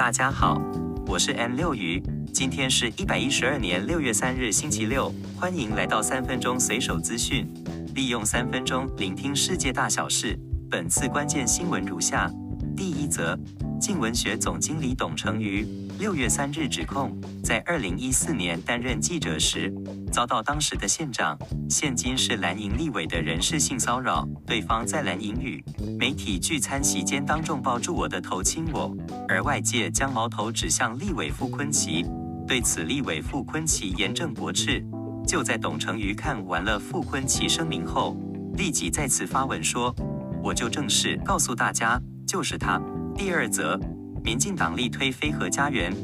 大家好，我是 M 六魚，今天是一百一十二年六月三日星期六，歡迎來到三分鐘隨手資訊，利用三分鐘聆聽世界大小事。本次關鍵新聞如下：第一則，鏡文學總經理董成瑜。六月三日，指控在二零一四年擔任記者時，遭到當時的縣長，現今是藍營立委的人士性騷擾。對方在藍營與媒體聚餐席間當眾抱住我的頭親我，而外界將矛頭指向立委傅崐萁。對此，立委傅崐萁嚴正駁斥。就在董成瑜看完了傅崐萁聲明後，立即再次發文說：“我就正式告訴大家，就是他。”第二則。民進黨力推“非核家園”，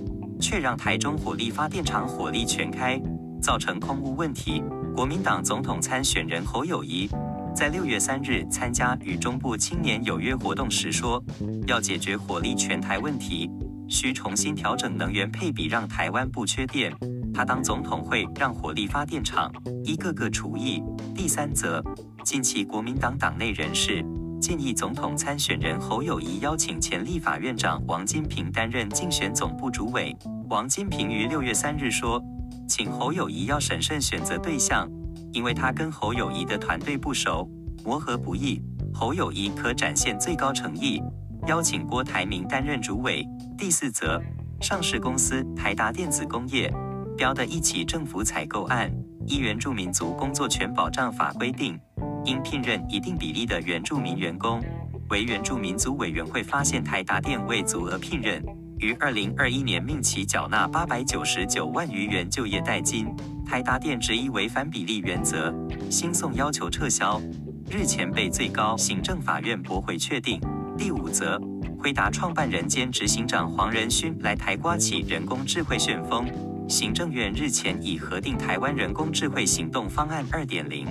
卻讓台中火力發電廠火力全開，造成空污問題。國民黨總統參選人侯友宜在六月三日參加與中部青年有約活動時說：“要解決火力全台問題，需重新調整能源配比，讓台灣不缺電。他當總統會讓火力發電廠一個個除役。第三則，近期國民黨黨內人士。建議總統參選人侯友宜邀請前立法院長王金平擔任競選總部主委。王金平於六月三日說：“請侯友宜要審慎選擇對象，因為他跟侯友宜的團隊不熟，磨合不易。侯友宜可展現最高誠意，邀請郭台銘擔任主委。”第四則，上市公司台達電子工業標的一起政府採購案，依原住民族工作權保障法規定。應聘任一定比例的原住民員工，惟原住民族委員會發現台達電未足額聘任，於二零二一年命其繳納八百九十九萬餘元就業代金。台達電質疑違反比例原則，新送要求撤銷，日前被最高行政法院駁回確定。第五則，輝達創辦人兼執行長黃仁勳來台刮起人工智慧旋風，行政院日前已核定台灣人工智慧行動方案二點零。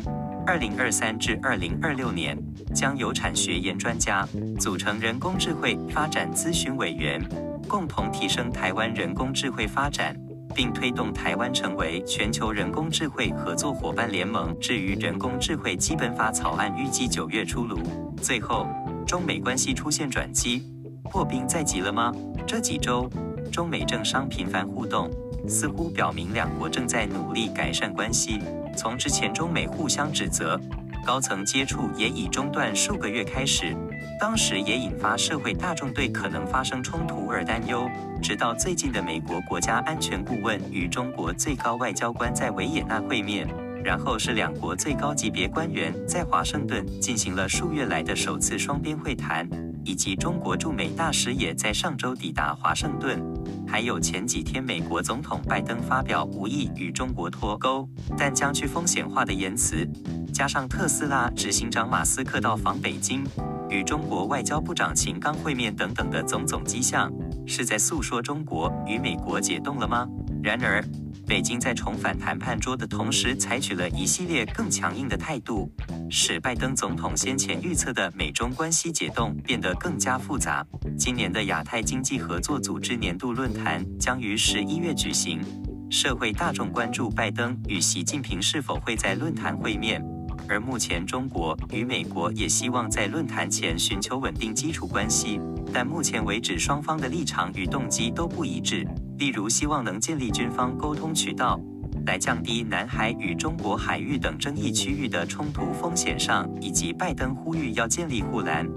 二零二三至二零二六年，將有產學研專家組成人工智慧發展諮詢委員，共同提升台灣人工智慧發展，並推動台灣成為全球人工智慧合作夥伴聯盟。至於人工智慧基本法草案，預計九月出爐。最後，中美關係出現轉機，破冰在即了嗎？這幾周，中美政商頻繁互動。似乎表明兩國正在努力改善關係。從之前中美互相指責、高層接觸也已中斷數個月開始，當時也引發社會大眾對可能發生衝突而擔憂。直到最近的美國國家安全顧問與中國最高外交官在維也納會面，然後是兩國最高級別官員在華盛頓進行了數月來的首次雙邊會談。以及中國駐美大使也在上周抵達華盛頓，還有前幾天美國總統拜登發表無意與中國脫鈎，但將去風險化的言辭，加上特斯拉執行長馬斯克到訪北京，與中國外交部長秦剛會面等等的種種跡象，是在訴說中國與美國解凍了嗎？然而，北京在重返談判桌的同時，採取了一系列更強硬的態度，使拜登總統先前預測的美中關係解凍變得更加複雜。今年的亞太經濟合作組織年度論壇將於十一月舉行，社會大眾關注拜登與習近平是否會在論壇會面。而目前，中國與美國也希望在論壇前尋求穩定基礎關係，但目前為止，雙方的立場與動機都不一致。例如，希望能建立軍方溝通渠道，來降低南海與中國海域等爭議區域的衝突風險上，以及拜登呼籲要建立護欄，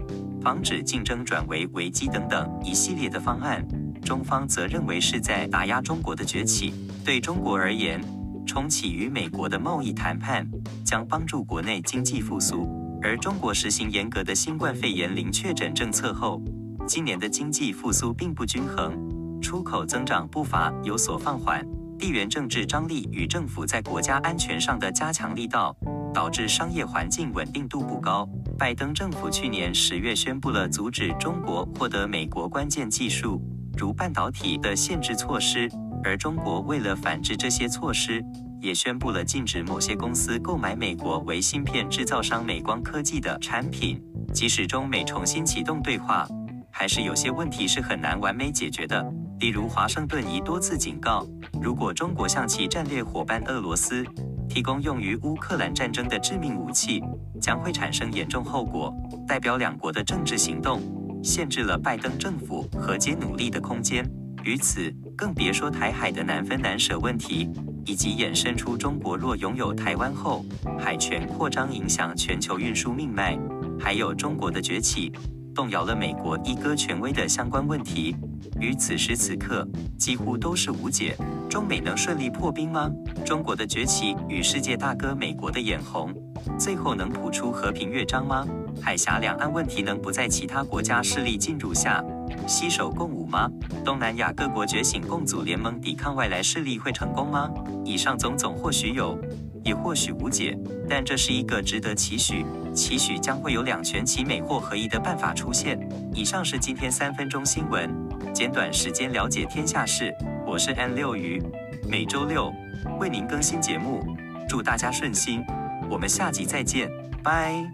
防止競爭轉為危機等等一系列的方案，中方則認為是在打壓中國的崛起。對中國而言，重啟與美國的貿易談判將幫助國內經濟復甦。而中國實行嚴格的新冠肺炎零確診政策後，今年的經濟復甦並不均衡，出口增長步伐有所放緩。地緣政治張力與政府在國家安全上的加強力道，導致商業環境穩定度不高。拜登政府去年十月宣布了阻止中國獲得美國關鍵技術，如半導體的限制措施。而中國為了反制這些措施，也宣布了禁止某些公司購買美國微芯片製造商美光科技的產品。即使中美重新啟動對話，還是有些問題是很難完美解決的。例如，華盛頓已多次警告，如果中國向其戰略夥伴俄羅斯提供用於烏克蘭戰爭的致命武器，將會產生嚴重後果。代表兩國的政治行動限制了拜登政府和解努力的空間。於此，更別說台海的難分難捨問題，以及衍生出中國若擁有台灣後海權擴張影響全球運輸命脈，還有中國的崛起動搖了美國一哥權威的相關問題，於此時此刻幾乎都是無解。中美能順利破冰嗎？中國的崛起與世界大哥美國的眼紅，最後能譜出和平樂章嗎？海峽兩岸問題能不在其他國家勢力進入下，攜手共舞嗎？東南亞各國覺醒共組聯盟，抵抗外來勢力會成功嗎？以上種種或許有，也或許無解，但這是一個值得期許、期許將會有兩全其美或合一的辦法出現。以上是今天三分鐘新聞，簡短時間了解天下事。我是 N 六魚，每週六為您更新節目，祝大家順心，我們下集再見，拜。